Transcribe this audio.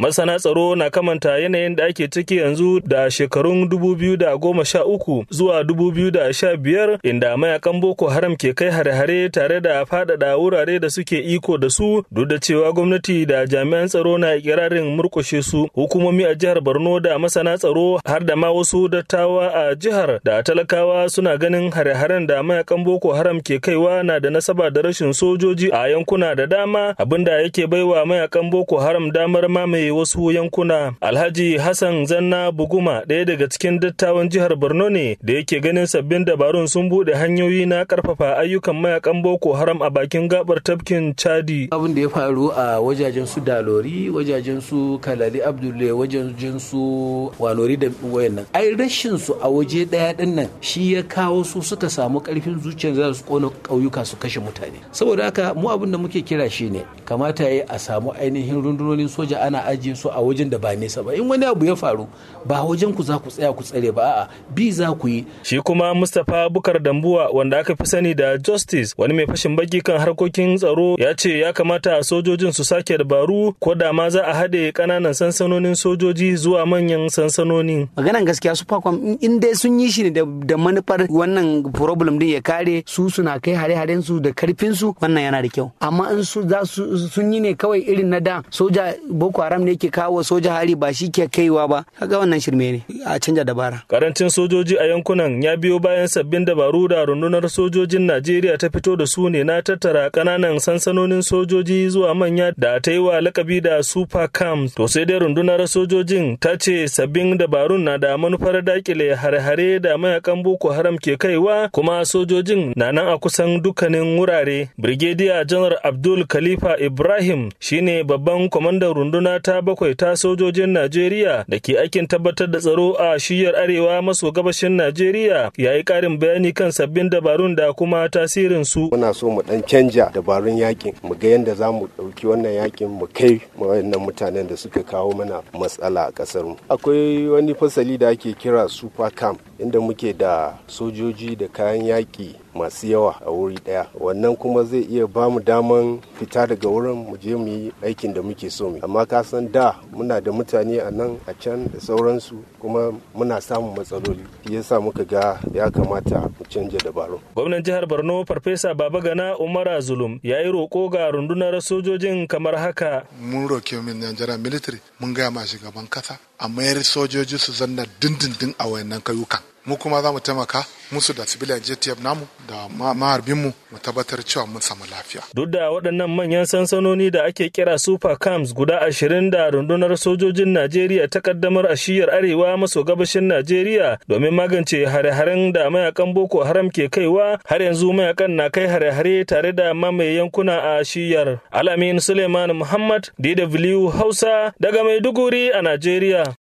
Masana tsaro na kamanta yanayin da ake ciki yanzu da shekarun 2013 zuwa 2015 inda mayakan Boko Haram ke kai hare-hare tare da faɗaɗa wurare da suke iko da su duk da cewa gwamnati da jami'an tsaro na ikirarin murkushe su hukumomi a jihar Borno da masana tsaro har da ma wasu dattawa a jihar da talakawa suna ganin hare-haren da mayakan Boko Haram ke kaiwa na da nasaba da rashin sojoji a yankuna da dama abinda yake baiwa mayakan Boko Haram damar mamaye wasu yankuna alhaji hassan zanna buguma ɗaya daga cikin dattawan jihar borno ne da yake ganin sabbin dabarun sun buɗe hanyoyi na ƙarfafa ayyukan mayakan boko haram a bakin gabar tafkin chadi abin da ya faru a wajajen su dalori wajajen su kalali abdulle wajajen su walori da wayannan ai rashin su a waje ɗaya ɗin nan shi ya kawo su suka samu ƙarfin zuciyar za su kona ƙauyuka su kashe mutane saboda haka mu abin da muke kira shi ne kamata ya a samu ainihin rundunonin soja ana ajiye su a wajen da ba nesa ba in wani abu ya faru ba wajen ku za ku tsaya ku tsare ba a'a bi za ku yi shi kuma Mustapha Bukar Dambuwa wanda aka fi sani da Justice wani mai fashin baki kan harkokin tsaro ya ce ya kamata sojojin su sake dabaru ko da ma za a haɗe ƙananan sansanonin sojoji zuwa manyan sansanonin maganan gaskiya su fakon in dai sun yi shi ne da manufar wannan problem din ya kare su suna kai hare-haren su da karfin su wannan yana da kyau amma in su za su sun yi ne kawai irin na da soja Boko Haram ne ne ke kawo soja hari ba shi ke kaiwa ba kaga wannan shirme ne a canja dabara karancin sojoji a yankunan ya biyo bayan sabbin dabaru da rundunar sojojin Najeriya ta fito da su ne na tattara kananan sansanonin sojoji zuwa manya da ta yi wa lakabi da super cam to sai dai rundunar sojojin ta ce sabbin dabarun na da manufar dakile hare-hare da mayakan boko haram ke kaiwa kuma sojojin na nan a kusan dukkanin wurare brigadier janar abdul khalifa ibrahim shine babban kwamandan runduna ta bakwai ta sojojin Najeriya da ke aikin tabbatar da tsaro a shiyar arewa maso gabashin Najeriya ya yi ƙarin bayani kan sabbin dabarun da kuma tasirin su. Muna so mu ɗan canja dabarun yakin mu ga yadda za mu ɗauki wannan yakin mu kai wayannan mutanen da suka kawo mana matsala a ƙasar mu. Akwai wani fasali da ake kira super camp inda muke da sojoji da kayan yaƙi masu yawa a wuri ɗaya wannan kuma zai iya bamu mu daman fita daga wurin mu je mu yi aikin da muke so mu amma ka san san da muna da mutane a nan a can da sauransu kuma muna samun matsaloli ya sa muka ga ya kamata mu canja dabaru gwamnan jihar borno farfesa gana umara zulum ya yi roƙo ga rundunar sojojin kamar haka mun roƙi min najeriya military mun gaya ma shugaban kasa a mayar sojoji su zanna dindindin a wayannan kayukan mu kuma za mu taimaka musu da civilian JTF namu da maharbinmu mu tabbatar cewa mun samu lafiya. Duk da waɗannan manyan sansanoni da ake kira super camps guda ashirin da rundunar sojojin Najeriya ta kaddamar a shiyar arewa maso gabashin Najeriya domin magance hare-haren da mayakan Boko Haram ke kaiwa har yanzu mayakan na kai hare-hare tare da mamaye yankuna a shiyar. Alamin Suleiman Muhammad DW Hausa daga Maiduguri a Najeriya.